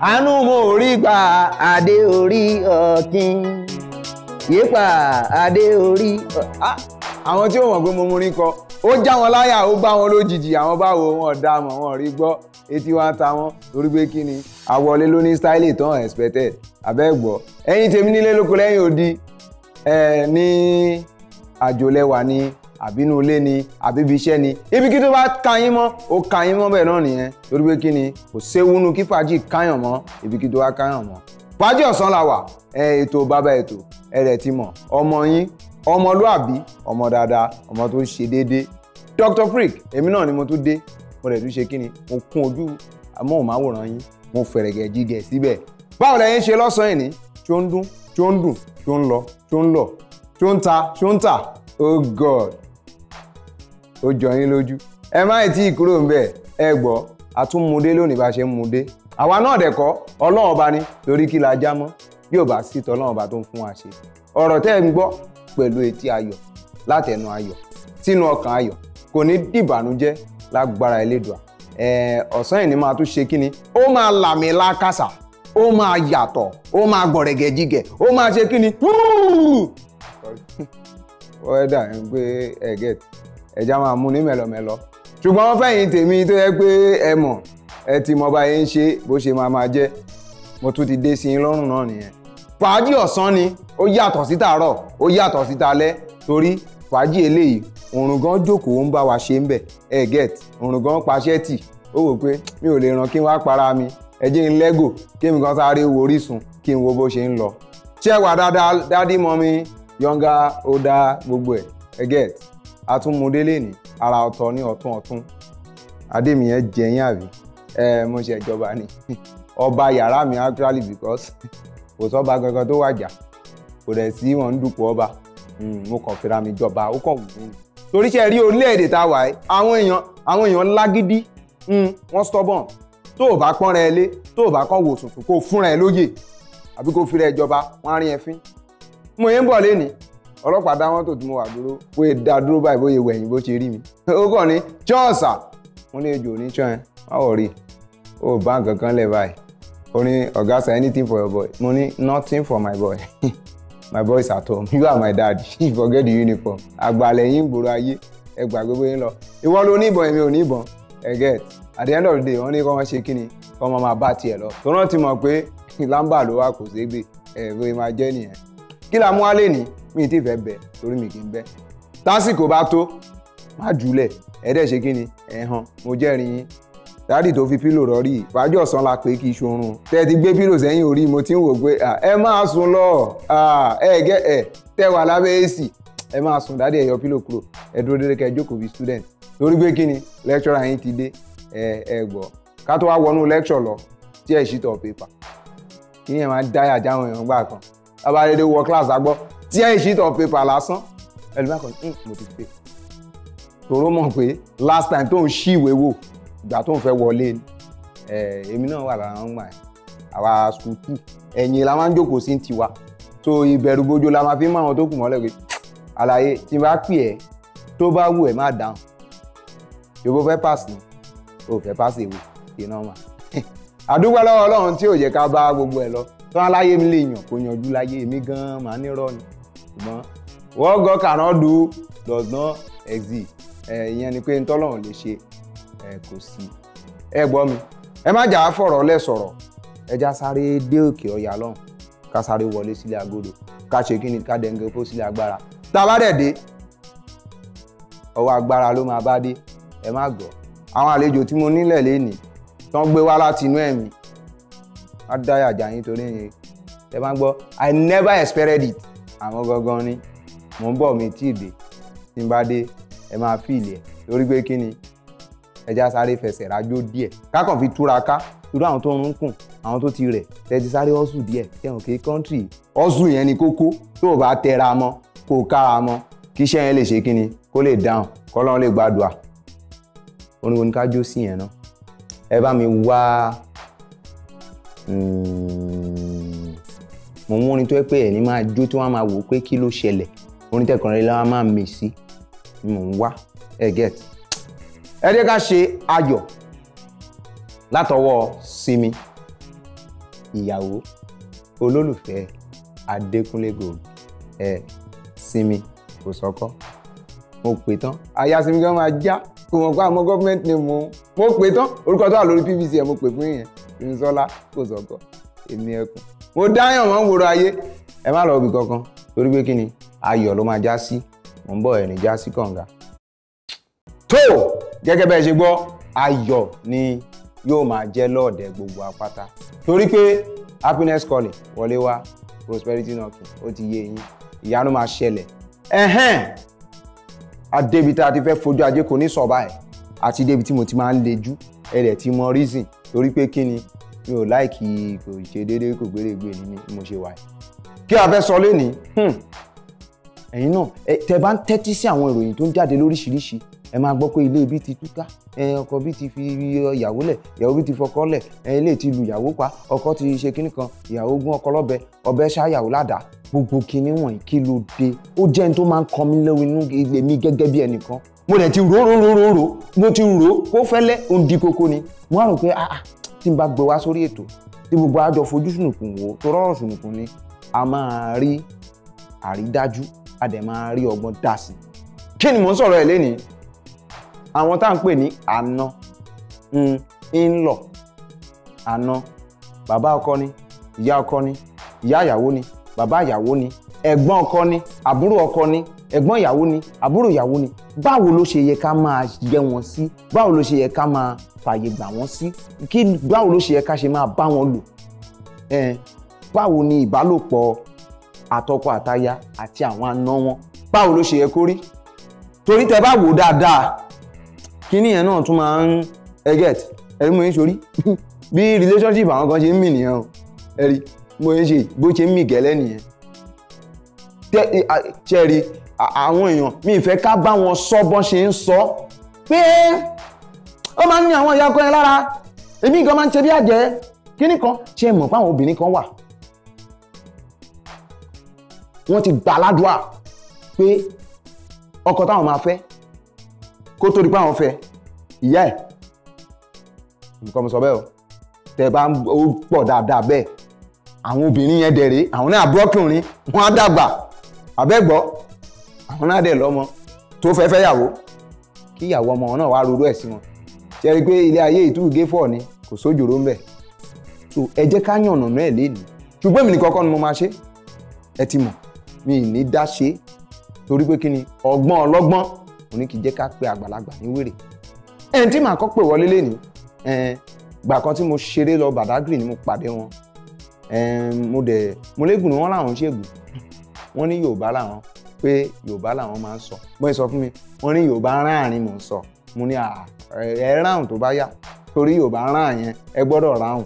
Anu mo rí gbà adé orí ọ̀kín yépa ade ori ah! àwọn tí ó mọ̀ pé mo mú rí kọ ó já wọn láyà ó bá wọn lójijì àwọn báwo wọn dá mọ̀ wọn rí gbọ́ etí wa ń ta wọn torí pé kí ni àwọlé ló ní style tán expected abẹ́gbọ́ ẹ̀yin tèmi nílé lóko lẹ́yìn odi ẹ̀ ní àjòlẹ́wà ní àbí inú ilé ni àbí ibi iṣẹ́ ni ibi kí tó bá ka mọ́ ó ka mọ́ bẹ́ẹ̀ náà nìyẹn torí pé kí ni kò séwúnú kí fàájì káyàn mọ́ ibi kí tó bá káyàn mọ́ fàájì ọ̀sán la wà ẹ ètò bàbá ètò ẹ rẹ̀ ti mọ̀ ọmọ yín ọmọlúàbí ọmọ dáadáa ọmọ tó ṣe déédéé Dr Frique èmi náà ni mo tún dé mo rẹ̀ tún ṣe kí ni mo kún ojú amóhùnmáwòrán yín mo fẹ̀rẹ̀gẹ̀ jígẹ̀ síbẹ̀ báwo lẹ́yìn ṣe lọ́sàn-án ìní tí ó ń dún tí ó ń dùn tí ó ń lọ tí ó ń lọ tí ó ń ta tí ó ń tà oh god ó jọ yín lójú ẹ má ì tí ì kúrò ńbẹ̀ ẹ gbọ́ a tún mu dé lónìí bá ṣe ń mu dé àwa náà dẹ̀kọ́ ọlọ́run ọba ni torí kí la já mọ́ bí ò bá sí tọ́lọ́run ọba tó ń fún wa ṣe ọ̀rọ̀ tẹ́ ẹ ń gbọ́ pẹ̀lú etí ayọ̀ látẹnu ayọ̀ sínú ọkàn ayọ̀ kò ní dìbànújẹ́ lágbára Elédùà ọ̀sán yìí ni máa tún ṣe kí ni ó máa làmì lákàsà ó máa yàtọ̀ ó máa gbọ̀rẹ̀gẹ̀ ó máa ṣe kí ni wẹ́dà ń gbé ẹ̀gẹ́tì ẹja máa mú ní mẹ̀lọ́mẹ̀lọ́ ṣùgbọ́n fẹ̀yìn tèmi tó yẹ pé ẹ mọ̀ ẹ ti mọ bá yẹn ṣe bó ṣe máa máa jẹ́ mo tún ti dé sí i lọ́rùn náà nìyẹn fàájì ọ̀sán ni ó yàtọ̀ sí tàárọ̀ ó yàtọ̀ sí talẹ́ torí fàájì eléyìí òrùn gan jókòó ń bá wa ṣe ń bẹ̀ ẹ get òrùn gan paṣẹ́ tì ó wò pé mi ò lè ràn kí n wá para mi ẹ jẹ́ n lẹ́gò kí mi kan sáré wo Orísun kí n wo bó ṣe ń lọ ṣé wà dáadáa dádì mọ́ mi yọ̀ǹga ó dá gbogbo ẹ̀ ẹ get atúnmudé lẹ́ni ara ọ̀tọ̀ ní ọ̀tún ọ̀tún adémiyàn jẹyìn àbí ẹ mo ṣe ìjọba ni ọba yàrá mi actually because kò sọ́ba kankan tó wàjà kò dẹ̀ sí wọn ń dùpọ̀ ọba hmm, mo kàn fira mi jọba ó kàn wù mí torí ṣe rí orílẹ̀-èdè tá a wà ẹ́ àwọn èèyàn àwọn èèyàn lágídí hmm, wọ́n stubborn tó o bá pọ́n rẹ lé tó o bá kàn wò kó o fúnra ẹ lóye àbí kó o fi rẹ ìjọba wọn á rí ẹ fín mo yẹn ń bọ̀ lénìí ọlọ́pàá dá mọ́tò tí mo wà dúró bóyá dá dúró báyìí bóyá wẹ̀yìn bó ṣe rí mi ó kàn ní chọ́ọ̀sà mo ní ejò ní chọ́ọ̀ yẹn má wọ̀ rí ó bá nǹkan kan lẹ̀ báyìí ó ní ọ̀gá sir anything for your boy mo ní nothing for my boy my boy is at home you are my dad He forget the uniform àgbàlẹ̀ yín gbòòrò ayé ẹ gbàgbé bóyá ń lọ ìwọ ló ní ìbọn èmi ò ní ìbọn ẹ get at the end of the day wọ́n ní kọ́ wọ́n ṣe kí ni kọ́ wọ́n máa bá tiẹ̀ lọ tó rántí mọ̀ pé lámbà ló wà kò ségbè ẹ̀ bóyá máa jẹ́ nìyẹn kí la mú wá lè mi ti fẹ́ bẹ torí mi kì í bẹ tásìkò bá tó má jùlẹ̀ ẹ̀ẹ́dẹ̀ ṣe kí ni ẹ̀hàn mo jẹ́rìí yín dáàdì tó fi pílò rọrí ìfàjọ ọ̀sán la pé kí iṣorun tẹ́ ti gbé pílò sẹ́yìn orí mo ti ń wò pé ẹ máa sùn lọ ẹ gẹ ẹ tẹ wà lábẹ́ èsì ẹ máa sùn dáàdì ẹ pílò kúrò ẹ dúró dédé kẹ́ jókòó bí student torí pé kí ni lecturer yín ti dé ẹ ẹ gbọ́ ká tó wá wọnú lecture lọ tí ẹ ṣì tọ̀ paper kí yẹn máa dáyà jáwọn èèyàn gbà kan abáyédè wọ class àgbọ́ tear sheet of paper lásán ẹlòmíràn kan ní hmm, mo ti pè tòró mọ̀ pé last time tó ń ṣí ìwé wò ìgbà tó ń fẹ́ wọlé ni èmi náà wà lára ń gbà ẹ̀ àwa school two ẹ̀yìn la máa ń jókòó sí tiwa so ìbẹ̀rù bojo la máa fi ń mọ àwọn tó kù mọ́lẹ̀ pé àlàyé tí n bá pè ẹ́ tó bá wù ẹ́ má dáhùn yòbó fẹ́ pass ni o fẹ́ pass èwe ìnáwó àdúgbò lọ́wọ́ ọlọ́run tí ò yẹ ká bá gbogbo ẹ̀ lọ tán aláyé mi lè yàn kó yanjú láyé èmi gan màá ní rọ́ọ̀nì ṣùgbọ́n what God cannot do does not exist ìyẹn ni pé ntọ́lọ́run lè ṣe kò sí ẹ gbọ́ mi ẹ má jà á fọ̀rọ̀ lẹ̀ sọ̀rọ̀ ẹ já sáré dé òkè ọ̀yà lọ́hùn ká sáré wọlé sílé agodo ká ṣe kí ni ká dẹ̀ǹgẹ̀ fó sílé agbára tá a bá dẹ̀ dé ọwọ́ agbára ló máa bá dé ẹ má gbọ́ àwọn àlejò tí mo nílẹ̀ lénìí tán gbé wá láti inú ẹ̀mí á dáyà jà yín torí yín ẹ máa ń gbọ́ i never expected it àmọ́ gangan ni mò ń bọ̀ mi tí ì dé tí n bá dé ẹ máa fi ìlẹ̀ lórí pé kí ni ẹja sáré fẹsẹ̀ rájò díẹ̀ kákàn fi túra ká irú àwọn tó ń kùn àwọn tó ti rẹ̀ tẹ́tí sáré ọ̀sùn díẹ̀ tẹ̀wọ̀n kí kọ́ńtì ọ̀sùn yẹn ni kókó tó o bá tẹra mọ́ kó o kára mọ́ kí iṣẹ́ yẹn lè ṣe kí ni kó lè dáhùn kọ́lọ́run lè gbàdúrà oníwo ní ká jó sí yẹn náà ẹ bá mi wá mo mú orin tó yẹ pé ẹni máa jó tí wọ́n máa wò pé kí ló ṣẹlẹ̀ orin tẹkànrin la máa mè sí ni mò ń wá ẹ get ẹ jẹ́ ká ṣe ayọ̀ látọwọ́ Simi ìyàwó olólùfẹ́ Adékúnlé Gold ẹ Simi Kòsọ́kọ́ mo pè tán aya Simi kan máa já kò mọ̀ pé àmọ́ gọ́fìmẹ̀ntì ni mo mo pè tán orúkọ tó wà lórí PVC ẹ̀ mo pè fún yẹn. Bímisọ́lá kò sọ̀kọ̀ èmi ẹkùn. mo dáyàn mọ́ wòrò ayé ẹ má lọ bì kankan torí pé kí ni ayọ̀ ló máa já sí mò ń bọ̀ ẹ̀ ní já sí kànga. tó gẹ́gẹ́ bẹ́ẹ̀ ṣe gbọ́ ayọ̀ ni yóò máa jẹ́ lọ́ọ̀dẹ̀ gbogbo apáta torí pé happiness calling wọlé wá prosperity knocking ó ti yé yín ìyanu máa ṣẹlẹ̀ ẹ̀hẹ́n adébítà ti fẹ́ fojú ajé kò ní sọ̀bà ẹ̀ àti débi tí mo ti máa ń lejú ẹ̀rẹ̀ tí mo reason torí pé kí ni mi ò láìkí kò ṣe déédéé kò gbérégbé ni mo ṣe wà kí a fẹ́ sọ lénìí hmm. ẹ̀yin náà tẹ́ bá ń tẹ́tí sí àwọn ìròyìn tó ń jáde lóríṣiríṣi ẹ máa gbọ́ pé ilé ibi ti túká ọkọ bí ti fi ìyàwó lẹ̀ ìyàwó bí ti fọkọ lẹ̀ ilé ti lu ìyàwó pa ọkọ ti ṣe kínní kan ìyàwó gún ọkọ lọ́bẹ ọbẹ̀ ṣáyàwó ládàá gbogbo kínní wọ̀nyí kí ló dé ó jẹ́ ní tó máa ń kọ́ mi lẹ́wọ̀ inú èmi gẹ́gẹ́ bí ẹnìkan mo dẹ̀ ti rò rò rò rò rò mo ti rò kó fẹ́lẹ́ òun di koko ni mo á rò pé ah, ah tí n bá gbé wá sórí ètò tí gbogbo àjọ fojú sùnùkùn wò tó rọrùn sùnùkùn ni a máa rí àrídájú a dẹ̀ máa rí ọgbọ́n dà sí i kí ni mò ń sọ̀rọ̀ ẹ̀ lẹ́nìí àwọn tá à ń pè ní àna ń hmm, lọ àna bàbá ọkọ ni ìyá ọkọ ni ìyá ìyàwó ni bàbá ìyàwó ni ẹ̀gbọ́n ọkọ ni àbúrò ọkọ ni ẹ̀gbọ́n ìyàwó ni àbúrò ìyàwó ni báwo ló ṣe yẹ ká máa yẹ wọn sí báwo ló ṣe yẹ ká máa fààyè gbà wọn sí kí báwo ló ṣe yẹ ká ṣe máa bá wọn lò báwo ni ìbálòpọ̀ àtọkọ àtaya àti àwọn àna wọn báwo ló ṣe yẹ kó rí torí tẹ bá wò dáadáa kíní yẹn náà tún máa ń ẹgẹt ẹrí mo ń sori bí relationship àwọn kan ṣe ń mì nìyẹn o ẹrí mo ń ṣe bó ṣe ń mì gẹ́lẹ́ nìyẹn ṣẹ́ẹ̀rí àwọn èèyàn mi ìfẹ́ ká bá wọn sọ bọ́n ṣe ń sọ pé ó máa ń ní àwọn ìyá ọkọ yẹn lára èmi gan máa ń ṣe bí àjẹ́ kíní kan ṣe mọ̀ pé àwọn obìnrin kan wà wọ́n ti gbàládùá pé ọkọ táwọn máa fẹ́ kó tó di pé àwọn fẹ́ ìyá ẹ̀ nǹkan mo sọ bẹ́ẹ̀ o tẹ bá ń pọ̀ dáadáa bẹ́ẹ̀ àwọn obìnrin yẹn dẹ̀rẹ̀ àwọn náà abúrọ́kùnrin wọ́n á dàgbà àbẹ́gbọ́ àwọn náà dẹ̀ lọ́mọ tó fẹ́ fẹ́ yàwó kí ìyàwó ọmọ náà wá rorú ẹ̀ sí wọn ṣe rí i pé ilé ayé ìtúwìgé fọ̀ ni kò sójòrò ń bẹ̀ so ẹ jẹ́ ká yànnà náà ẹ̀ léèdì ṣùgbọ́n èmi nìkan kọ́ ni mo máa ṣe ẹ ti mọ̀ mi ì ní dá ṣe torí pé kí ni ọgbọ́n ọlọ́gbọ́n òní kì í jẹ́ ká pe àgbàlagbà ní wèrè ẹ̀ ń tí màá kọ́ pè wọlé lẹ́ni gbà kan tí mo ṣeré lọ Badagry ni mo pàdé wọn mo dẹ̀ mo légùn ni wọ́n láwọn ṣègùn wọ́n ní Yorùbá làwọn pé yorùbá làwọn máa ń sọ wọ́n sọ fún mi wọ́n ní yorùbá ráàrin mò ń sọ mo ní ẹ ráhùn tó bá yà torí yorùbá ráàyàn ẹ gbọ́dọ̀ ráhùn.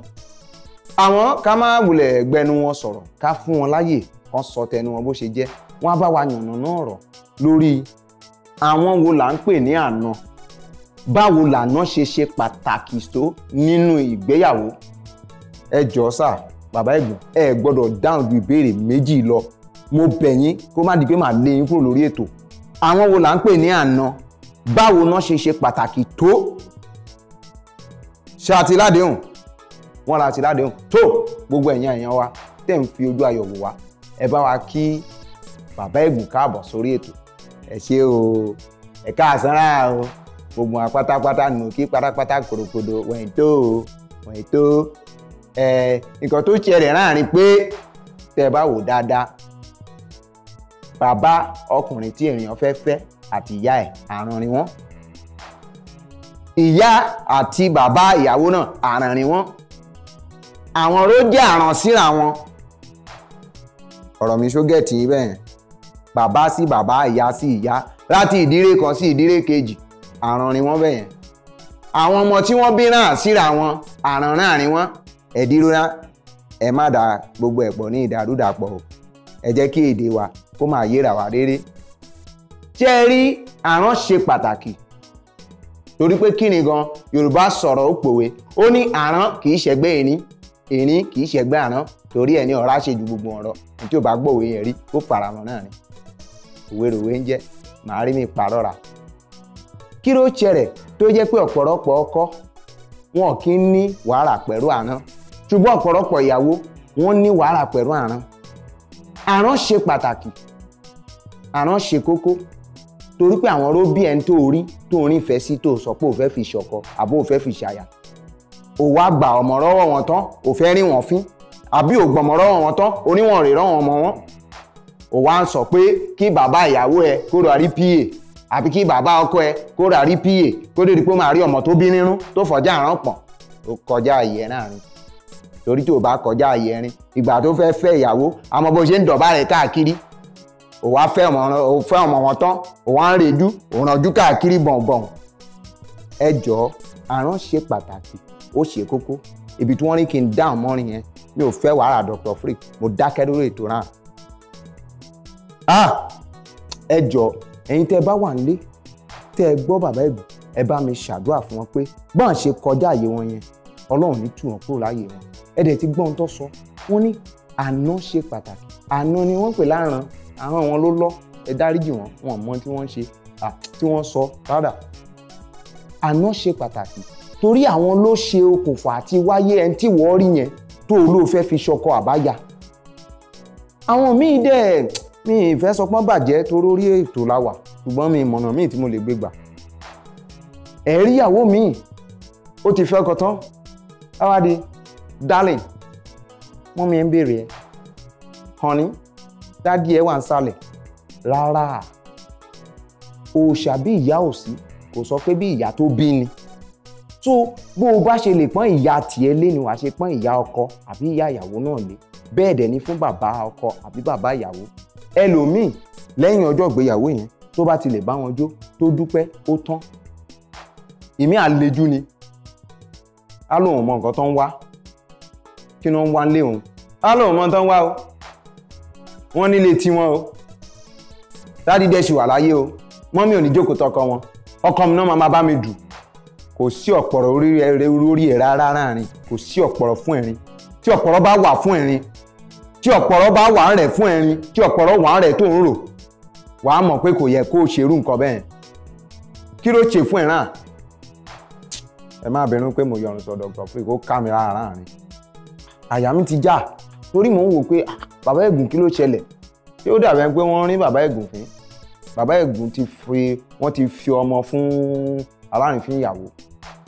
àwọn ká má wulẹ̀ gbẹnu wọn sọ̀rọ̀ ká fún wọn láyè kan sọ tẹnu wọn bó ṣe jẹ́ wọ́n á bá wa yànnà náà rọ̀ lórí àwọn wo là ń pè ní àna báwo làna ṣe ṣe pàtàkì tó nínú ìgbéyàwó ẹ jọ̀ọ́ sà bàbá ẹ̀gbọ́n ẹ gbọ́dọ̀ dáhùn ju ìbéèrè méjì lọ mo bẹ̀ yín kó má di pé màá lé yín kúrò lórí ètò àwọn wo là ń pè ní àna báwo náà ṣe ṣe pàtàkì tó ṣe àtìládéhùn wọn ra àtìládéhùn tó gbogbo ẹ̀yin èèyàn wa tẹ̀ ń fi ojú ayọ̀ wò wá ẹ bá wa kí bàbá ẹ̀gbùn káàbọ̀ sórí ètò ẹ ṣé o ẹ káàsánra o gbogbo wa pátápátá nù kí pátápátá kòròkòdò wọ̀nyí tó o wọ̀nyí tó o ẹ nǹkan tó ṣẹlẹ̀ láàrin pé tẹ́ bá wò dáadáa bàbá ọkùnrin tí ènìyàn fẹ́ fẹ́ àti ìyá ẹ̀ àràn ni wọ́n ìyá àti bàbá ìyàwó náà àràn ni wọ́n àwọn ló jẹ́ àràn síra wọn ọ̀rọ̀ mi ṣógẹ̀tì yín bẹ́ẹ̀ bàbá sí bàbá ìyá sí ìyá láti ìdílé kan sí ìdílé kejì àràn ni wọ́n bẹ́ẹ̀ àwọn ọmọ tí wọ́n bí náà síra wọn àràn náà ni wọ́n ẹ̀dínlóra ẹ má da gbogbo ẹ̀pọ̀ ní ìdàrúdàpọ̀ o ẹ jẹ́ kí èdè wa kó máa yéra wa rere tí ẹ rí àrán ṣe pàtàkì torí pé kí ni gan yorùbá sọ̀rọ̀ ó pòwe ó ní àrán kì í ṣẹgbẹ́ ẹni ẹni kì í ṣẹgbẹ́ àrán torí ẹni ọ̀rá ṣe ju gbogbo ọ̀rọ̀ tí ò bá gbòwe yẹn rí ó faramọ́ náà ni òweròwe ń jẹ́ màá rí mi pàrọ̀rà kí ló ṣẹlẹ̀ tó jẹ́ pé ọ̀pọ̀lọpọ̀ ọkọ wọn kì í ní wàhálà pẹ̀lú àrán ṣùgbọ́n ọ̀pọ̀lọpọ̀ ìyàwó wọn ní wàhálà pẹ̀lú àrán àrán ṣe pàtàkì àrán ṣe kókó torí pé àwọn róbí ẹ̀ ń tó orí tó orin ìfẹ́ sí tó sọ pé ò fẹ́ fi ṣọkọ àbó ò fẹ́ fi ṣàyà ò wá gbà ọmọ rọ́wọ́ wọn tán ò fẹ́ rí wọn fín àbí ò gbọmọ rọ́wọ́ wọn tán oníwọ̀n rè rọ́wọ́n ọmọ wọn ò wá ń sọ pé kí bàbá ìyàwó ẹ kó rà rí pa àbí kí bàbá ọkọ ẹ kó rà rí pa kó dé di pé màá rí ọmọ tó bí nínú tó fọjá àrán pọ̀n ó kọjá àyè náà rìn torí tó o bá kọjá àyè rìn ìgbà tó fẹ́ fẹ́ ìyàwó àmọ́ bó ṣe ń dọ̀bálẹ̀ káàkiri ò wá fẹ́ ọmọ wọn tán ò wá ń rejú ò rànjú káàkiri bọ̀nbọ̀n ẹ jọ̀ọ́ àrán ṣe pàtàkì ó ṣe kókó ibi tí wọ́n ní kí n dáhùn mọ́rin yẹn mi ò fẹ́ wàhálà Dr. Frique mo dákẹ́ lórí ètò náà. ẹ jọ̀ọ́ ẹ̀yin tẹ́ ẹ bá wà nílé tẹ́ ẹ gbọ́ bàbá ẹ̀bù ẹ bá mi ṣàdúrà fún wọn pé báwọn ṣe kọjá àyè wọn yẹn ọlọ́run ní tù wọ́n kúrò láàyè wọn ẹ dẹ̀ ti gbọ́ ohun tó sọ wọ́n ní àná ṣe pàtàkì àná ni wọ́n pè láràn àwọn wọn ló lọ ẹ dáríjì wọn wọn mọ tí wọ́n ṣe tí wọ́n sọ rárá àná ṣe pàtàkì torí àwọn ló ṣe okùnfà àti wáyé ẹni tí wọ́n rí yẹn tó o lóò fẹ́ fi ṣọkọ àbáyà àwọn míì dẹ̀ mi ìfẹ́ sọpọ́n bàjẹ́ torí orí ètò la wà ṣùgbọ́n mi ìmọ̀nà míì tí mo lè gbé gbà ẹ̀rí ìyàwó míì ó ti fẹ́ ọkọ tán báwa di darling mọ́mí ẹ̀ ń béèrè ẹ̀ honey dádì ẹ wà ń sálẹ̀ rárá o bí ìyá ò sí kò sọ pé bí ìyá tó bí ni so bó o bá ṣe lè pọ́n ìyá tiẹ̀ lé ni wàá ṣe pọ́n ìyá ọkọ àbí ìyá ìyàwó náà lé bẹ́ẹ̀ dẹ̀ ni fún bàbá ọkọ àbí bàbá ìyàwó ẹlòmíì lẹ́yìn ọjọ́ ìgbéyàwó yẹn tó bá ti lè bá wọn jó tó dúpẹ́ ó tán ìmí àlejò ni á lóun mọ nǹkan tó ń wá kí ni wọ́n ń wá lé òun á lóun mọ nǹkan tó ń wá o wọ́n nílé tiwọn o dádì dẹ̀ ṣì wà láyé o mọ́mí ò ní jókòó tọkọ wọn ọkọ mi náà máa bá mi dù kò sí ọ̀pọ̀rọ̀ orí ẹ̀ rárá rárin kò sí ọ̀pọ̀rọ̀ fún ẹ̀rín tí ọ̀pọ̀rọ̀ bá wà fún ẹ̀rín tí ọ̀pọ̀rọ̀ bá wà rẹ̀ fún ẹ̀rín tí ọ̀pọ̀rọ̀ wà rẹ̀ tó ń rò wàá mọ̀ pé kò yẹ kó o ṣerú nǹkan bẹ́ẹ̀ kí ló ṣe fún ẹ̀ràn ẹ má bínú pé mo yọrùn sọ̀dọ̀ gbọ̀ pé kó ká mi rárá rárin àyà mi ti já torí mò ń wò pé ah, bàbá ẹ̀gùn kí ló ṣẹlẹ̀ ṣé ó dàbẹ̀ pé wọ́n rí bàbá ẹ̀gùn fín bàbá ẹ̀gùn ti fi wọ́n ti fi ọmọ fún alárìnfín ìyàwó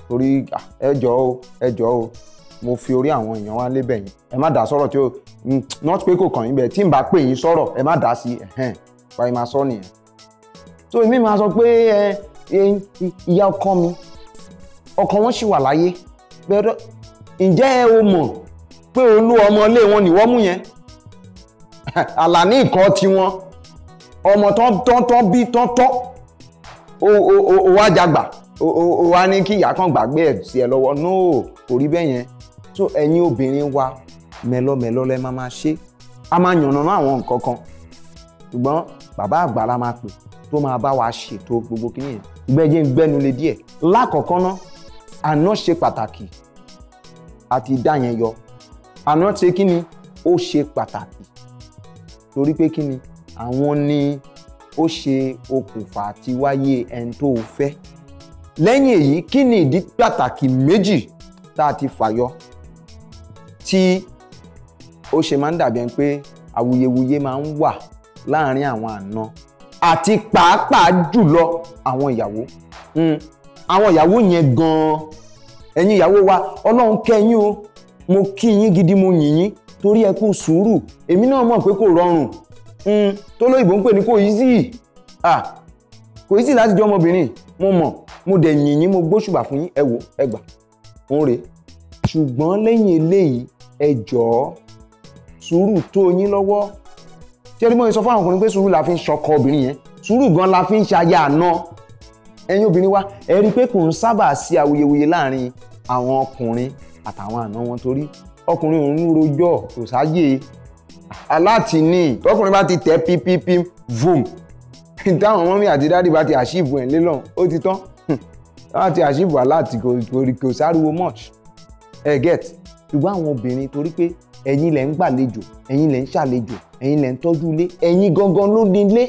torí ah, ẹjọ́ o ẹjọ́ o mo fi orí àwọn èèyàn wá lébẹ̀ yín ẹ má dá sọ̀rọ̀ tí ó hmm, not pé kò kàn yín bẹ́ẹ̀ tí n bá pè yín sọ̀rọ̀ ẹ má dá sí ẹ̀hẹ́n báyìí máa sọ nìyẹn so èmi máa sọ pé ẹ ìyá ọkọ mi ọkọ wọn ṣì wà láyé bẹ́ẹ̀ ǹjẹ́ ẹ o mọ̀ pé olú ọmọ ilé wọn ni wọ́n mú yẹn àlàní ìkọ́ tiwọn ọmọ tọ́ntọ́ntọ́ bí tọ́ntọ́ ó wá jagbà ó wá ní kí ìyá kan gbàgbé ẹ̀ sí ẹ lọ́wọ́ no kò rí bẹ́ẹ̀ yẹn so ẹ̀yin obìnrin wa mẹ́lọ́mẹ́lọ́ lẹ́ máa máa ṣe a máa yànnàná àwọn nǹkan kan ṣùgbọ́n bàbá àgbà la máa pè tó máa bá wa ṣètò gbogbo kí nìyẹn gbẹ́jẹ́ ń gbẹ́nu lé díẹ̀ lákọ̀ọ́kọ́ ná àná ṣe pàtàkì àti dá yẹn yọ àná ṣe kí ni ó ṣe pàtàkì torí pé kí ni àwọn ni ó ṣe okùnfà àti wáyé ẹni tó o fẹ́ lẹ́yìn èyí kí ni ìdí pàtàkì méjì tá a ti fàyọ tí ó ṣe máa ń dàbí ẹni pé awuyewuye máa ń wà láàárín àwọn àna àti pàápàá jùlọ àwọn ìyàwó hmm, àwọn ìyàwó yẹn gan-an ẹ̀yin ìyàwó wa ọlọ́run kẹ́yìn o mo kí yín gidi mo yìn yín torí ẹ kú sùúrù èmi náà mọ̀ pé kò rọrùn hmm, tó lóyìnbó ń pè ní kò easy kò easy láti jẹ́ ọmọbìnrin mo mọ̀ mo dẹ̀ yìn yín mo gbóṣùbà fún yín ẹ wò ẹ gbà ń rè ṣùgbọ́n lẹ́yìn eléyìí ẹ jọ̀ọ́ sùúrù tó yín lọ́wọ́ ṣẹ́rí mọ́ ẹ sọ fún àwọn ọkùnrin pé sùúrù la fi ń ṣọkọ obìnrin yẹn sùúrù gan la fi ń ṣaya àná ẹ̀yin obìnrin wa ẹ rí i pé kò ń sábà sí awuyewuye láàrin àwọn ọkùnrin àtàwọn àna wọn torí ọkùnrin òun rojọ́ kò sáyè aláti ní tọkùnrin bá ti tẹ pípípí vum táwọn mọ́mí àti dáàdì bá ti àṣìbù ẹ̀ lélọ́n ó ti tán táwọn ti àṣìbù aláti kò sáriwo much ẹ get ṣùgbọ́n àwọn obìnrin torí pé ẹ̀yin lẹ̀ ń gbàlejò ẹ̀yin lẹ̀ ń ṣàlejò ẹ̀yin lẹ̀ ń tọ́jú ilé ẹ̀yin gangan ló ní ilé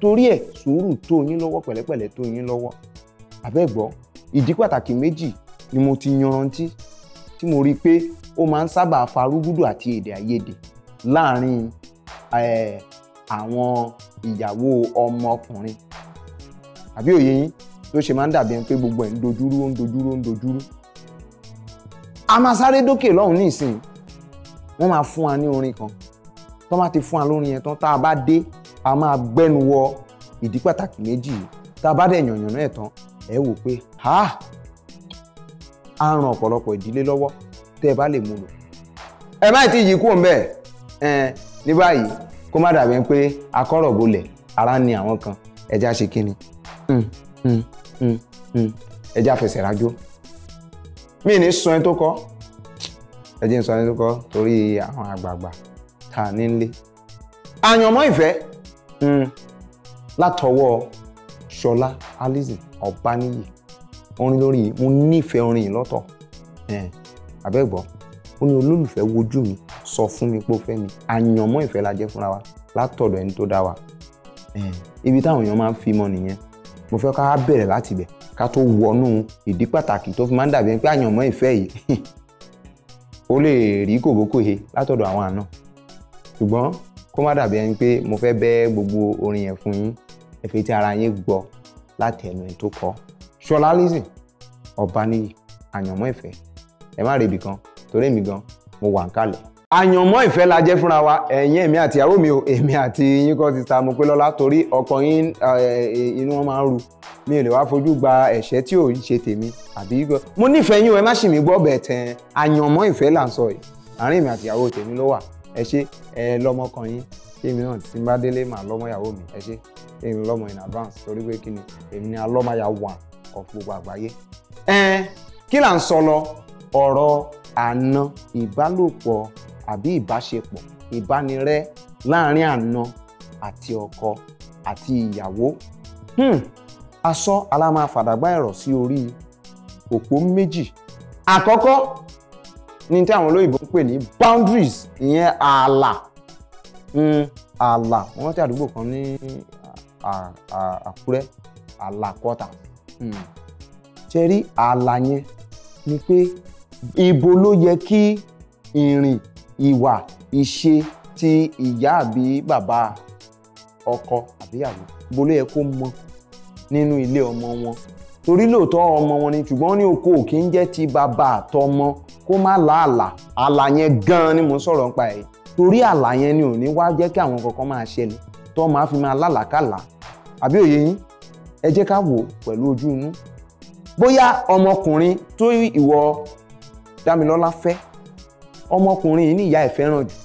torí ẹ̀ sùúrù tó yín lọ́wọ́ pẹ̀lẹ́pẹ̀lẹ́ tó yín lọ́wọ́ àbẹ́gbọ́ ìdí pàtàkì méjì ni mo ti yanrantí tí mo rí i pé ó máa ń sábà fa rúgúdù àti èdè àìyedè láàárín àwọn ìyàwó ọmọkùnrin àbí òye yín ló ṣe máa ń dàbí ẹni pé gbogbo ẹ̀ ń dojúrú ó ń dojúrú ó ń dojúrú a máa sáré dókè lọ́hùn ní ìsìn wọ́n máa fún wa ní orin kan tó bá ti fún wa lórin yẹn tán tá a bá dé a máa gbẹ́nu wọ ìdí pàtàkì méjì yìí tá a bá dẹ̀ yànyàn náà ẹ̀ tán ẹ wò pé ha á ran ọ̀pọ̀lọpọ̀ ìdílé lọ́wọ́ tẹ́ ẹ bá lè mú lò. ẹ má ti yìí kú òun bẹ́ẹ̀ ẹ ní báyìí kó má dàbí pé akọ́rọ̀ bolẹ̀ ara ni àwọn kan ẹja ṣe kíni hmm, hmm, hmm, ẹja fẹsẹ̀ rájó mí ní sọ ẹni tó kọ́ ẹ jẹ́ ń sọ ẹni tó kọ́ torí àwọn àgbààgbà tá a nílé àyànmọ́ ìfẹ́ látọwọ́ ṣọlá alison ọ̀báníyì orin lórí yìí mo nífẹ̀ẹ́ orin yìí lọ́tọ̀ àbẹ́gbọ́ ó ní olólùfẹ́ wojú mi sọ fún mi pé ó fẹ́ mi àyànmọ́ ìfẹ́ la jẹ́ fúnra wa látọ̀dọ̀ ẹni tó dá wa ibi táwọn èèyàn máa ń fi mọ nìyẹn mo fẹ́ ká bẹ̀rẹ̀ láti bẹ̀ ká tó wọnú ìdí pàtàkì tó fi máa ń dàbí ẹni pé àyànmọ́ ìfẹ́ yìí ó lè rí kòbókò he látọ̀dọ̀ àwọn àna ṣùgbọ́n kó má dàbí ẹni pé mo fẹ́ bẹ́ gbogbo orin yẹn fún yín ẹ fi ara yín gbọ́ láti ẹnu ẹni tó kọ ṣọlá lizzy ọ̀bániyì àyànmọ́ ìfẹ́ ẹ má rebi kan torí mi gan mo wà ń kalẹ̀. àyànmọ́ ìfẹ́ la jẹ́ fúnra wa ẹ̀yin èmi àti ìyàwó mi o èmi àti yín kọ́ sister Mopélọ́lá torí ọkọ yín eh, inú wọn máa ń ru mi ò lè wá fojú gba ẹ̀ṣẹ̀ tí ò ń ṣe tèmi àbí gbọ́. mo nífẹ̀ẹ́ yín o ẹ má ṣì mí gbọ́ bẹ̀ tẹ̀ àyànmọ́ ìfẹ́ là ń sọ yìí àárín èmi àti ìyàwó tèmi ló wà ẹ ṣe ẹ lọ́mọkàn yín èmi náà tí bá délé màá lọ́mọ ìyàwó mi ẹ ṣe èmi lọ́mọ in advance torí pé kí ni èmi ni alọ́mọ yà wà kan gbogbo àgbáyé. ẹn kí là ń sọ lọ ọ̀rọ̀ àna ìbálòpọ̀ àbí ìbáṣepọ̀ ìbánirẹ́ láàrin àna àti ọkọ àti ìyàwó hmm, asọ alámàfàdàgbà ẹ̀rọ sí orí òpó méjì àkọ́kọ́ ní tí àwọn olóyìnbó ń pè ní boundaries ìyẹn ààlà hmm, ààlà wọ́n ti àdúgbò kan ní Àkúrẹ́ ààlà Hmm. ṣe rí ààlà yẹn ni pé ibo ló yẹ kí ìrìn ìwà ìṣe ti ìyá àbí bàbá ọkọ àbíyàwó ibo ló yẹ kó mọ nínú ilé ọmọ wọn torí lóòótọ́ ọmọ wọn ni ṣùgbọ́n ní oko ò kí ń jẹ́ ti bàbá àtọmọ kó má làálàá ààlà yẹn gan-an ni mò sọ̀rọ̀ nípa ẹ̀ torí ààlà yẹn ni ò ní wá jẹ́ kí àwọn kankan máa ṣẹlẹ̀ tó máa fi máa lálàákàlà àbí òye yín ẹ jẹ́ ká wò pẹ̀lú ojú inú bóyá ọmọkùnrin tó ìwọ Dámilọ́lá fẹ́ ọmọkùnrin yìí ni ìyá ẹ̀ fẹ́ràn jù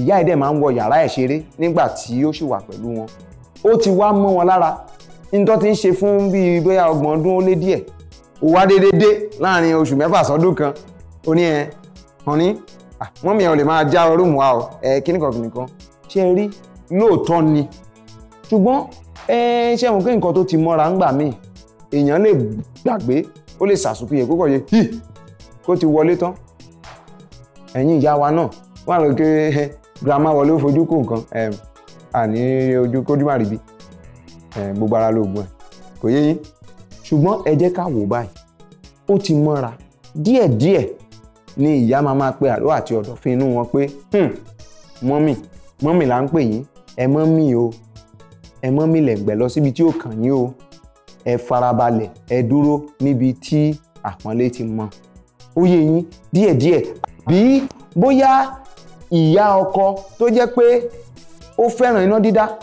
ìyá ẹ̀ dẹ̀ máa ń wọ yàrá ẹ̀ ṣeré nígbà tí ó sì wà pẹ̀lú wọn ó ti wá mọ́ wọn lára nítorí tí ń ṣe fún bíi bóyá ọgbọ̀n ọdún ó lé díẹ̀ ó wá déédéé dé láàrin oṣù mẹ́fà sọ́dún kan ó ní ẹ hàn ní mọ́mí ẹ̀ ò lè máa já rúùmù wa o ẹ kíníkan kíníkan ṣe rí lóòótọ́ ni ṣùgbọ́n ṣé mo kí nǹkan tó ti mọ́ra ń gbà míì èèyàn lè gbàgbé ó lè sàsùkú yẹ kókò yẹ hì kó ti wọlé tán ẹ̀yin ìyá wa náà wọ́n àrò pé girama wọlé ó fojú kó nǹkan àní ojú kójú má ríbi gbogbo ara lóògùn ẹ̀ kò yé yín ṣùgbọ́n ẹ jẹ́ ká wò báyìí ó ti mọ́ra díẹ̀díẹ̀ ni ìyá máa máa pe àrò àti ọ̀dọ̀ fún inú wọn pé hmm, mọ́mì mọ́mì là ń pè yín ẹ mọ́mì o ẹ mọ́ mi lẹ̀gbẹ́ lọ síbi tí ó kàn yín o ẹ farabalẹ̀ ẹ dúró níbi tí àpọ́nlé ti mọ ó yé yín díẹ̀díẹ̀ bí bóyá ìyá ọkọ tó jẹ́ pé ó fẹ́ràn iná dídá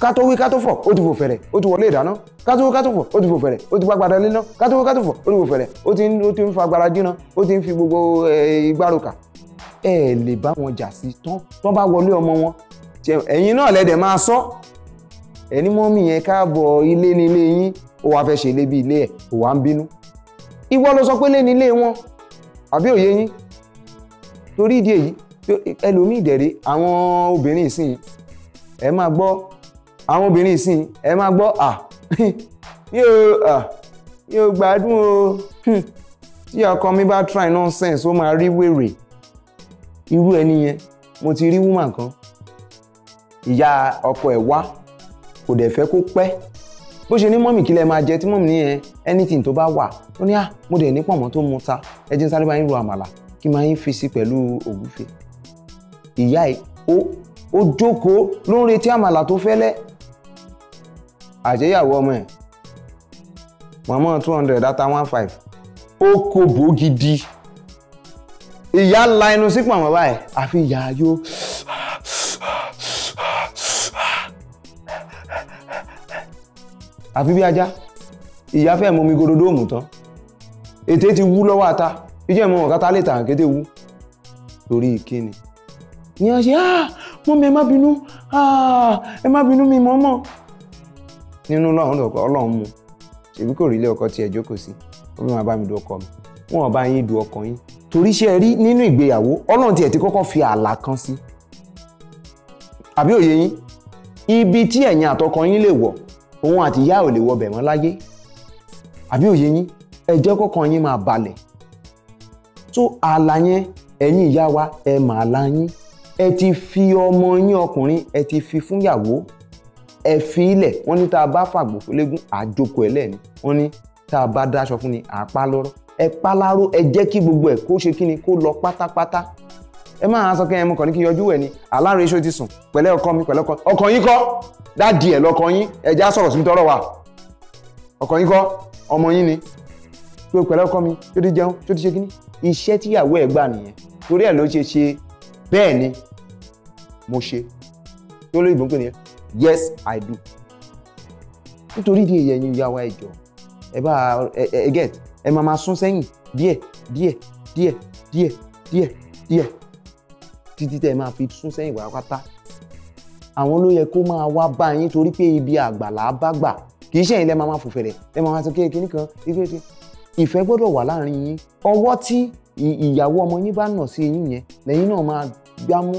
kátó wí kátó fọ̀ ó ti fò fẹ̀rẹ̀ ó ti wọlé ìdáná kátó wí kátó fọ̀ ó ti fò fẹ̀rẹ̀ ó ti gbàgbàdà lé náà kátó wí kátó fọ̀ ó ti fò fẹ̀rẹ̀ ó ti ń ó ti ń fa agbára dínà ó ti ń fi gbogbo ìgbárùkà ẹ lè bá wọn jà sí tán tán bá wọlé ọmọ wọn ẹ̀yin náà lẹdẹ máa sọ ẹni mọ́mì yẹn káàbọ̀ ilé ní ilé yín ó wàá fẹ́ ṣe ilé bí ilé ẹ̀ ó wàá ń bínú ìwọ ló sọ pé lé ní ilé wọn àbí òye yín torí ìdí èyí ẹlòmíì dẹ̀rẹ̀ àwọn obìnrin ìsìn ẹ máa gbọ́ àwọn obìnrin ìsìn ẹ máa gbọ́ à yóò à yóò gbádùn o tí ọkọ mi bá try nonsense ó máa rí wèrè irú ẹni yẹn mo ti rí woman kan ìyá ọkọ ẹ̀ wá kò dẹ̀ fẹ́ kó pẹ́ bó ṣe ní mọ́mì kí lẹ máa jẹ tí mọ́mì nìyẹn anything tó bá wà ó ní à mo dẹ̀ ní pọ̀nmọ́ tó mu ta ẹ jẹ́ n sáré bá yín ro àmàlà kí máa yín fi sí pẹ̀lú ògúfe ìyá ẹ̀ ó ó jókòó ló ń retí àmàlà tó fẹ́lẹ́ àjẹyàwó ọmọ ẹ̀ mọ̀mọ́ two hundred ata one five ó kò bó gidi ìyá la ẹnu sí pọ̀nmọ́ báyìí àfi ìyá yóò. àfi bí ajá ìyá fẹ́ mọ omi gòdòdó òmù tán ètè ti wú lọ́wọ́ ata ìjẹ́ ìmọ̀ ọ̀kátá lè tàn kété wú torí ìkíni ni wọ́n ṣe ah mọ́mí ẹ má bínú ah ẹ má bínú mi mọ́mọ́ nínú lọ́run lọ́kọ̀ ọlọ́run mu ṣèbí kò rí ilé ọkọ tiẹ̀ jókòó sí ó bí máa bá mi du ọkọ mi wọn ò bá yín du ọkọ yín torí ṣe rí nínú ìgbéyàwó ọlọ́run tiẹ̀ ti kọ́kọ́ fi ààlà kan sí àbí òye yín ibi tí ẹ̀yin àtọkọ yín lè wọ̀ òun àti ìyá ò lè wọbẹ̀ mọ́ láyé àbí òye yín ẹ jẹ́ kọ́kàn yín máa balẹ̀ tó ààlà yẹn ẹ̀yin ìyá wa ẹ máa la yín ẹ ti fi ọmọ yín ọkùnrin ẹ ti fi fúnyàwó ẹ fi ilẹ̀ wọ́n ní tá a bá fàgbò fúlégún àjòkò ẹ̀ lẹ́ni wọ́n ní tá a bá dáṣọ fún ni àpá lọ́rọ́ ẹ pálárò ẹ jẹ́ kí gbogbo ẹ̀ kó ṣe kí ni kó lọ pátápátá ẹ máa sọ kí ẹ mú kàn ní kí yọjú ẹ̀ ni aláàrẹ iṣẹ́ ti sùn pẹ̀lẹ́ ọkọ mi pẹ̀lẹ́ ọkọ ọkọ yín kọ́ dáàdì ẹ̀ lọ́kọ yín ẹ̀já sọ̀rọ̀ sí tọ́rọ̀ wà ọkọ yín kọ́ ọmọ yín ni pé pẹ̀lẹ́ ọkọ mi tó ti jẹun tó ti ṣe kíní iṣẹ́ tíyàwó ẹ̀ gbà nìyẹn torí ẹ̀ ló ṣe ṣe bẹ́ẹ̀ ni mo ṣe tó lóyún ìbọn pè nìyẹn yes i do nítorí ìdí èyí ẹ̀yin ìyá wa ẹ jọ ẹ bá ẹ get ẹ máa máa sún sẹ́yìn díẹ̀ díẹ̀ díẹ̀ díẹ̀ díẹ̀ díẹ̀ títí tẹ́ ẹ máa fi sún sẹ́yìn wàá pátá àwọn ló yẹ kó máa wá bá yín torí pé ibi àgbàlá bá gbà kì í ṣẹ̀yìn lẹ́ẹ̀ máa fò fẹ̀rẹ̀ lẹ́ẹ̀ máa sọ kéèké nìkan kéèké ìfẹ́ gbọ́dọ̀ wà láàrin yín ọwọ́ tí ìyàwó ọmọ yín bá nà sí yín yẹn lẹ́yìn náà máa gbámú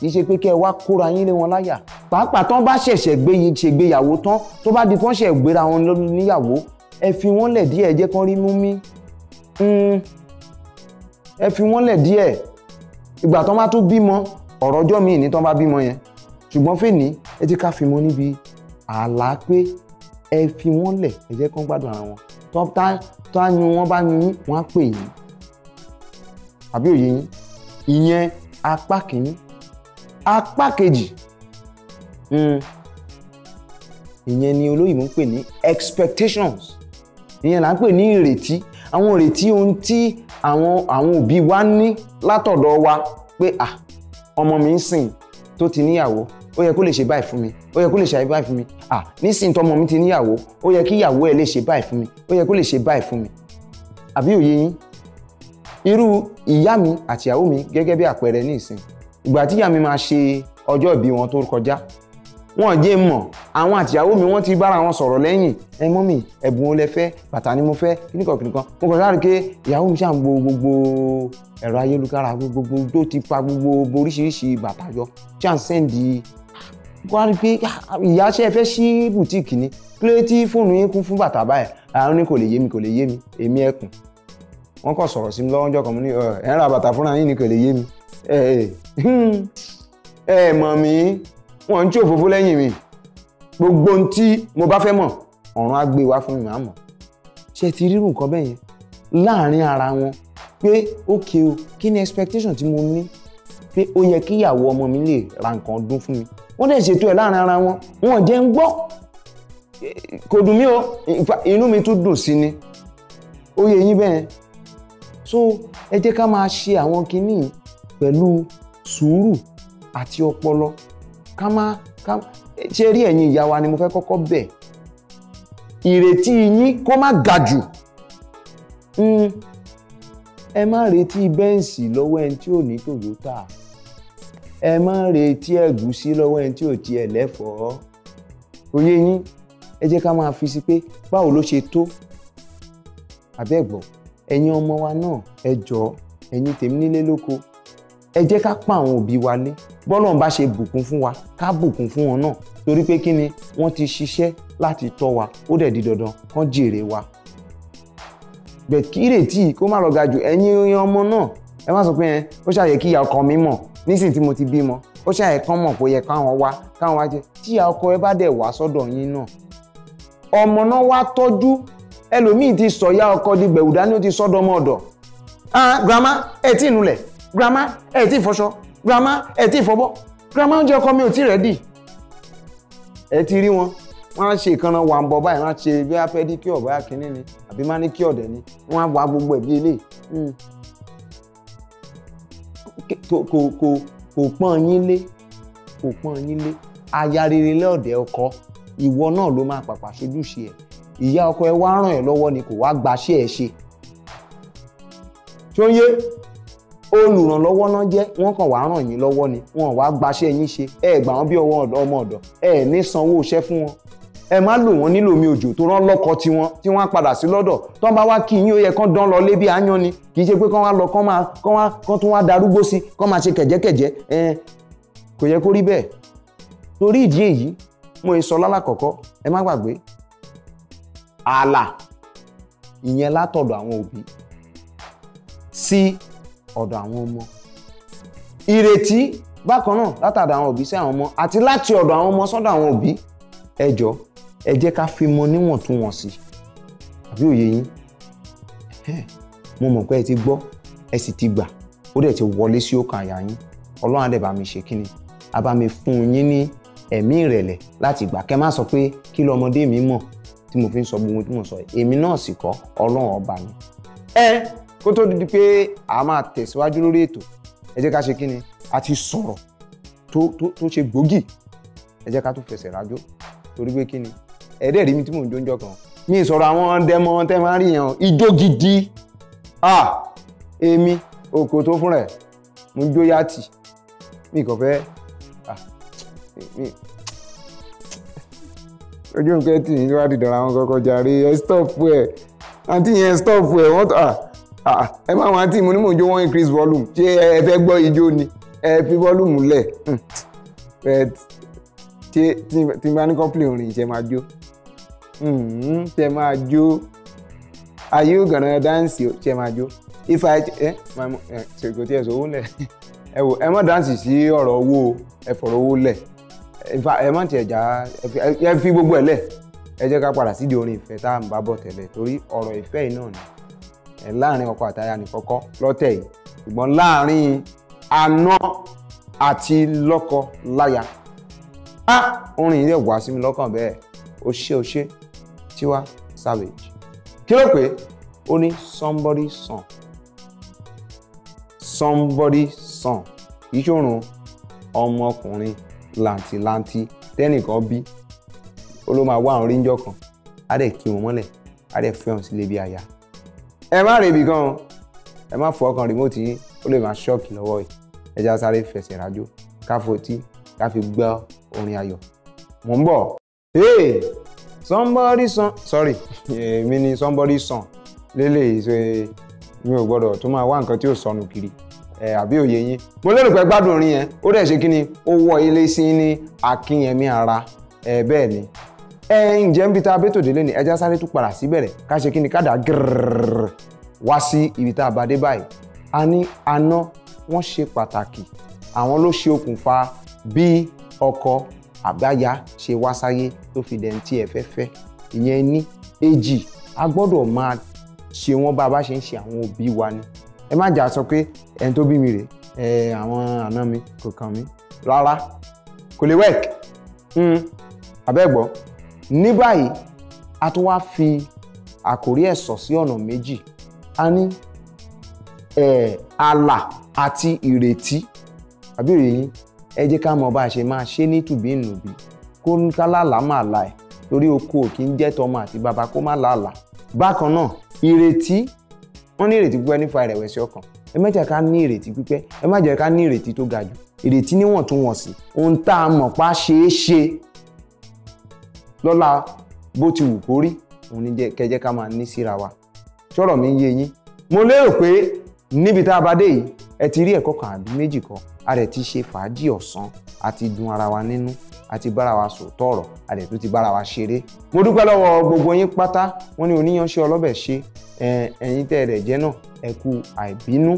kì í ṣe pé kẹ́ ẹ wá kóra yín lé wọn láyà pàápàá tán bá ṣẹ̀ṣẹ̀ gbé yín ṣègbéyàwó tán tó bá di kán ṣẹ̀ gbéra wọn níyàwó ẹ fi wọ́n lẹ̀ díẹ̀ jẹ́ kán rí mú mí hmm. ẹ fi wọ́n lẹ̀ díẹ̀ ìgbà tán bá tún bímọ ọ̀rọ̀ ọjọ́ míì ní tán bá bímọ yẹn ṣùgbọ́n fèní ẹ jẹ́ ká fi mọ́ níbi ààlà pé ẹ fi wọ́n lẹ̀ ẹ jẹ́ kán gbádùn ara wọn tọ́ta tá ni wọ́n bá ní wọ́n á pè yín àbí òye yín ìyẹn apá kìíní apá kejì hmm. ìyẹn ni olóyìnbó ń pè ní expectations ìyẹn là ń pè ní ìrètí àwọn ìrètí ohun tí àwọn àwọn òbí wa ní látọ̀dọ̀ wa pé ah ọmọ mi ń sìn tó ti níyàwó ó yẹ kó lè ṣe báyìí fún mi ó yẹ kó lè ṣe báyìí fún mi à nísìnyí tọmọ mi ti níyàwó ó yẹ kí ìyàwó ẹ lè ṣe báyìí fún mi ó yẹ kó lè ṣe báyìí fún mi àbí òye yín irú ìyá mi àti ìyàwó mi gẹ́gẹ́ bí àpẹẹrẹ ní ìsìn ìgbà tí ìyá mi máa ṣe ọjọ́ ìbí wọn tó kọjá wọn jẹ́ mọ̀ àwọn àtìyàwó mi wọ́n ti bára wọn sọ̀rọ̀ lẹ́yìn ẹ mọ́ mi ẹ̀bùn olè fẹ́ bàtà ni mo fẹ́ kíníkan kíníkan mo kàn sáré pé ìyàwó mi ṣàǹgbò gbogbo ẹ̀rọ ayélujára gbogbo tó ti pa gbogbo oríṣiríṣi bàtà yọ ṣàǹsẹ́ǹdì wọ́n á rí i pé ah, ìyá ṣe é fẹ́ ṣí bùtíìkì ni kí ló tí fóònù yín kún fún bàtà báyìí àwọn ní kò lè yé mi kò lè yé mi èmi ẹkùn wọ́n kàn sọ̀rọ̀ sí mi lọ́wọ́ ọjọ́ kan mo ní ẹ ń ra bàtà fúnra yín ni kò lè yé mi ẹ ẹ mọ̀ mí wọ́n ń tí òfófó lẹ́yìn mi gbogbo ohun tí mo bá fẹ́ mọ̀ ọ̀run á gbé wá fún mi àmọ́ ṣe ti rírun nǹkan bẹ́ẹ̀ yẹn láàárín ara wọn pé ókè o kí ni expectation tí mo ní pé ó yẹ kíyàwó ọmọ mi lè ra nǹkan ọdún fún mi wọ́n dẹ̀ ṣètò ẹ̀ láàrin ara wọn wọn jẹ́ ń gbọ́ kò dùn mí o inú mi tún dùn sí ni ó yẹ yín bẹ́ẹ̀ so ẹ jẹ́ ká máa ṣe àwọn kinní pẹ̀lú sùúrù àti ọpọlọ ká má ká ṣe rí ẹ̀yin ìyá wa ni mo fẹ́ kọ́kọ́ bẹ̀ ìrètí yín kó má ga jù hmm. ẹ má retí bẹ́ǹsì lọ́wọ́ ẹni tí ò ní Toyota ẹ má retí ẹ̀gúsí lọ́wọ́ ẹni tí ò tiẹ̀ lẹ́fọ̀ọ́ oyé yín ẹ jẹ́ ká máa fi sí pé báwo ló ṣe tó àbẹ́gbọ̀ ẹ̀yin ọmọ wa náà ẹ jọ̀ọ́ ẹ̀yin tèmi nílé lóko ẹ jẹ́ ká pa àwọn òbí wa lé bọ́lọ́run bá ṣe bùkún fún wa ká bùkún fún wọn náà torí pé kí ni wọ́n ti ṣiṣẹ́ láti tọ́ wa ó dẹ̀ di dandan kán jèrè wa bẹ̀kírètì kó má lọ ga jù ẹ̀yin ọmọ náà ẹ má sọ pé ẹ ó ṣàyẹ kí ìyá ọkọ mi mọ̀ nísìn tí mo ti bímọ ó ṣàyẹ kán mọ̀ kó yẹ káwọn wá káwọn wá jẹ tí ìyá ọkọ ẹ bá dẹ̀ wá sọ́dọ̀ yín náà ọmọ náà wá tọ́jú ẹlòmíì ti sọ ìyá ọkọ di gbẹ̀wùdá ni ó ti sọ́dọ̀ ọmọ ọ̀dọ̀ ah grandma ẹ tí ì nulẹ̀ grandma ẹ tí ì fọṣọ grandma ẹ tí ì fọbọ́ grandma oúnjẹ ọkọ mi ò tí ì rẹ́dì ẹ ti rí wọn wọ́n á ṣe ìkànnà wà ń bọ̀ báyìí wọ́n á ṣe bí a pedicure báyà kínní ni àbí manicure dẹ̀ ni wọ́n á wá gbogbo ẹ̀bí eléyìí hmm kò kò kò pọ́n yín lé kò pọ́n yín lé aya rere lọ́ọ̀dẹ̀ ọkọ ìwọ náà ló máa pàpà ṣojúṣe ẹ̀ ìyá ọkọ ẹ wá ràn ẹ́ lọ́wọ́ ni kò wá gbaṣẹ́ ẹ ṣe tó yé olùrànlọ́wọ́ náà jẹ́ wọ́n kàn wá ràn yín lọ́wọ́ ni wọ́n wá gbaṣẹ́ yín ṣe ẹ gbà wọ́n bí ọmọ ọ̀dọ̀ ẹ ní sanwó iṣẹ́ fún wọn ẹ má lò wọ́n nílò mi òjò tó rán lọ́kọ tiwọn tí wọ́n á padà sí lọ́dọ̀ tó ń bá wá kí yín ó yẹ kán dán lọ lé bí àyàn ni kì í ṣe pé kán wá lọ kán máa kán wá kán tún wá darúgbó sí kán máa ṣe kẹ̀jẹ́kẹ̀jẹ́ ẹ kò yẹ kó rí bẹ́ẹ̀ torí ìdí èyí mo ń sọ lálàkọ̀kọ́ ẹ má gbàgbé ààlà ìyẹn látọ̀dọ̀ àwọn òbí sí ọ̀dọ̀ àwọn ọmọ ìrètí bákan náà látàdọ̀ àwọn òbí sí àwọn ọmọ àti láti ọ̀dọ̀ àwọn ọmọ sọ́dọ̀ àwọn òbí ẹ jọ̀ọ́ ẹ jẹ́ ká fi mọ níwọ̀ntúnwọ̀nsì àbí òye yín mo mọ̀ pé ẹ ti gbọ́ ẹ sì ti gbà ó dẹ̀ ti wọlé sí ọkàn àyà yín ọlọ́run á dẹ̀ bá mi ṣe kíni á bá mi fún yín ní ẹ̀mí ìrẹ̀lẹ̀ láti gbà kẹ́ má sọ pé kí lọmọdé mi mọ̀ tí mo fi ń sọ gbogbo tí mo sọ èmi náà sì kọ́ ọlọ́run ọba mi. ẹ kó tó di pé a máa tẹ̀síwájú lórí ètò ẹ jẹ́ ká ṣe kíni a ti sọ̀rọ̀ tó ṣe gbòógì ẹ jẹ́ ká tún fẹsẹ̀ rájò torí pé kíni ẹ̀ẹ́dẹ̀ rí mi tí mò ń jóńjọ kan mi sọ̀rọ̀ àwọn dẹmọ tẹ́ máa ń rí yẹn ijó gidi ah èmi oko tó fúnra ẹ̀ mo ń jó yàtì mi kò fẹ́ ah mi ojú nǹkan tì ní wá dìdọ̀ra wọn kọ́kọ́ jàre ẹ stọ́ọ̀pù ẹ̀ àǹtí yẹn stọ́ọ̀pù ẹ̀ wọ́n ah ah ẹ máa wọn àǹtí mo ní mò ń jó wọn increase volume ṣé ẹ fẹ́ gbọ́ ijó ni ẹ fi volume lẹ̀ hmm ṣé tí n bá ní kọ́pìlì orin ṣe máa jó mm-hmm, ṣe máa jó are you gonna dance ṣe máa jó if I ẹ máa mú ẹ ṣègò tí ẹ sọ owó lẹ ẹ wò ẹ má dáǹsì sí ọ̀rọ̀ owó ẹ fọ̀rọ̀ owó lẹ̀ ẹ má tiẹ̀ já ẹ fi gbogbo ẹ lẹ̀ ẹ jẹ́ ká padà sídìí orin ìfẹ́ tá à ń bá bọ̀ tẹ́lẹ̀ torí ọ̀rọ̀ ìfẹ́ yìí náà ni ẹ̀ láàrin ọkọ àtaya ní kọ́kọ́ lọ́tẹ̀ yìí ṣùgbọ́n láàrin àna àti lọ́kọ láya Ah, orin yìí wá sí mi lọ́kàn bẹ́ẹ̀ ó ṣe ó ṣe Tiwa Savage kí ló pé ó ní somebody song somebody song kì í ṣòrun ọmọkùnrin làǹtìlanti tẹ́nìkan bí ó ló máa wá àwọn oríńjọ kan á dẹ̀ kí wọn mọ́lẹ̀ á dẹ̀ fẹ́ wọn sílé bí aya ẹ má rèébi gan ẹ má fọ ọkàn rìmọ́ọ̀tì yín ó lè máa ṣọ́ọ̀kì lọ́wọ́ yìí ẹ já sáré fẹsẹ̀ rájò káfọ́tì káfi gbọ́ orin ayọ̀ mò ń bọ̀ hey somebody son. sorry èmi ni somebody son. Lele ṣe mi ò gbọ́dọ̀ tó máa wá nǹkan tí ò sọnù kiri ẹ àbí òye yín mo lérò pé gbádùn orin yẹn ó dẹ̀ ṣe kí ni ó wọ ilé sí ní akínyẹmí ara ẹ bẹ́ẹ̀ ni ẹ ǹjẹ́ ń bi tá a bẹ́tò délé ni ẹja sáré tún padà sí bẹ̀rẹ̀ ká ṣe kí ni ká a bá dé báyìí ọkọ àbáyá ṣe wá sáyé tó fi dẹ̀ ń tí ìyẹn ní èjì a gbọ́dọ̀ máa ṣe wọ́n bá a bá ṣe ń ṣe àwọn òbí wa ni ẹ má jà sọ pé ẹni tó bí mi rè é àwọn àna mi kò kàn mí rárá kò lè wẹ́ẹ̀kì hmm, abẹ́gbọ́ ní báyìí a tún wá fi àkórí ẹ̀sọ̀ sí ọ̀nà méjì a ní ààlà àti ìrètí àbí ìrèyìn ẹ jẹ́ ká mọ bá a ṣe máa ṣe ní tùbínùbí kó ń ká làlá máa la ẹ̀ torí oko ò kí ń jẹ́ tọmọ àti bàbá kó má làlá. bákan náà ìrètí wọ́n ní ìrètí pípẹ́ nípa ìrẹ̀wẹ̀sì ọkàn ẹ má jẹ́ ká ní ìrètí pípẹ́ ẹ má jẹ́ ká ní ìrètí tó ga jù ìrètí níwọ̀ntúnwọ̀nsì ohun tá a mọ̀ pa ṣeé ṣe lọ́la bó ti wù kó òun ní kẹjẹ́ ká máa ní síra wa sọ̀rọ̀ mi yé yín mo lérò pé níbi tá a bá dé yìí ẹ ti rí ẹ̀kọ́ kan àbí méjì kan a rẹ̀ ti ṣe fàájì ọ̀sán a ti dun ara wa nínú a ti bára wa sòótọ́ ọ̀rọ̀ a rẹ̀ tó ti bára wa ṣeré. mo dúpẹ́ lọ́wọ́ gbogbo yín pátá wọ́n ní oníyanṣẹ́ ọlọ́bẹ̀ ṣe ẹ̀yin tẹ́ rẹ̀ jẹ́ náà ẹ kú àìbínú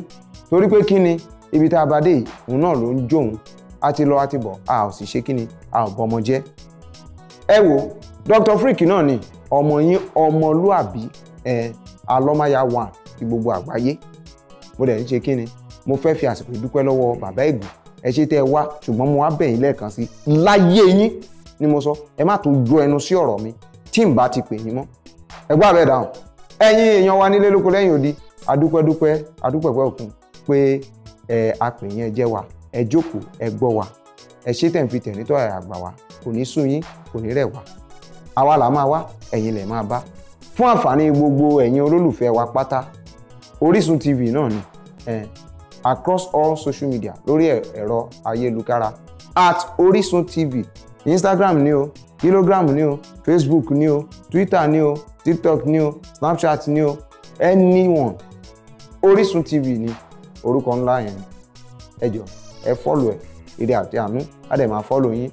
torí pé kí ni ibi tá a bá dé yìí òun náà ló ń jóun a ti lọ a ti bọ̀ a ò sì ṣe kí ni a ò bọmọ jẹ́. ẹ wo Dr. Frique náà ni ọmọ yín ọmọlúàbí ẹ alọ́máyà wà ti gbogbo àgbáyé mo dẹ̀ ń ṣe kí ni mo fẹ́ fi àsìkò ìdúpẹ́ lọ́wọ́ bàbá Ìgbò ẹ ṣe tẹ́ ẹ wá ṣùgbọ́n mo wá bẹ̀ yín lẹ́ẹ̀kan sí láyé yín ni mo sọ ẹ má tún jó ẹnu sí ọ̀rọ̀ mi tí n bá ti pè yín mọ́ ẹ gbọ́ àbẹ̀ dáhùn ẹ̀yin èèyàn wa nílé lóko lẹ́yìn odi adúpẹ́dúpẹ́ adúpẹ́pẹ́ òkun pé ẹ apè yín ẹ jẹ́ wa ẹ jókòó ẹ gbọ́ wa ẹ ṣe tẹ̀ ń fi tẹ̀rín tọ́ àgbà wa kò ní sú yín kò ní rẹ̀ wá àwa là máa wá ẹ̀yin lẹ̀ máa bá fún àǹfààní gbogbo ẹ̀yin olólùfẹ́ wa pátá Orísun TV náà ni across all social media lórí ẹ̀rọ ayélujára at Orísun TV Instagram ni o kilogram ni o Facebook ni o Twitter ni o TikTok ni o Snapchat ni o anyone Orísun TV ni orúkọ ńlá yẹn ẹ jọ ẹ fọ́lù ẹ èdè àti àánú á dẹ̀ máa fọ́lù yín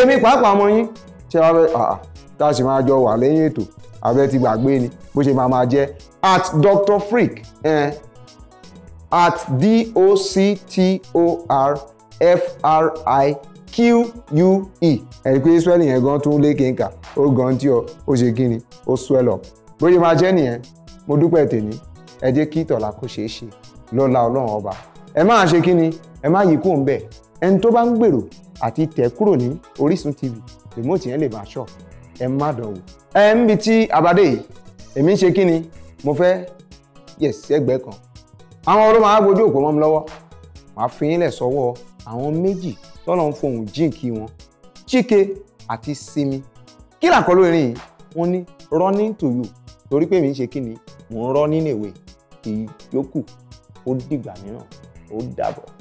èmi pàápàá mọ yín ṣé wàá fẹ́ àà tá a sì máa jọ wà lẹ́yìn ètò abẹ́ ti gbàgbé ni bó ṣe máa máa jẹ́ at Doctor Freak eh at doctorfrique ẹ̀rí pé swell yẹn gan tún lé kéńkà ó gan tí ó ṣe kí ni ó swell up bóyá máa jẹ́ nìyẹn mo dúpẹ́ tèmi ẹ jẹ́ kí ìtọ̀lá kó ṣeé ṣe lọ́la ọlọ́run ọba ẹ máa ṣe kí ni ẹ má yí kúrò ń bẹ̀ ẹni tó bá ń gbèrò àti tẹ̀ kúrò ní Orísun TV remote yẹn lè máa ṣọ̀ ẹ má dánwò. ẹ ń bi tí abadé yìí èmi ń ṣe kí ni mo fẹ́ yẹ̀ sẹ́gbẹ̀ẹ́ kan àwọn ọlọ́ máa gbójú òpó mọ́ mi lọ́wọ́ màá fi yín lẹ̀ sọ́wọ́ àwọn méjì tọ́lọ̀ ń fohùn jíǹkí wọn Chike àti Simi kí làkọ́ lórin yìí wọ́n ní running to you torí pé mi ń ṣe kí ni mò ń rọ́ nínú ìwé ìyókù ó dìgbà mìíràn ó dàbọ̀.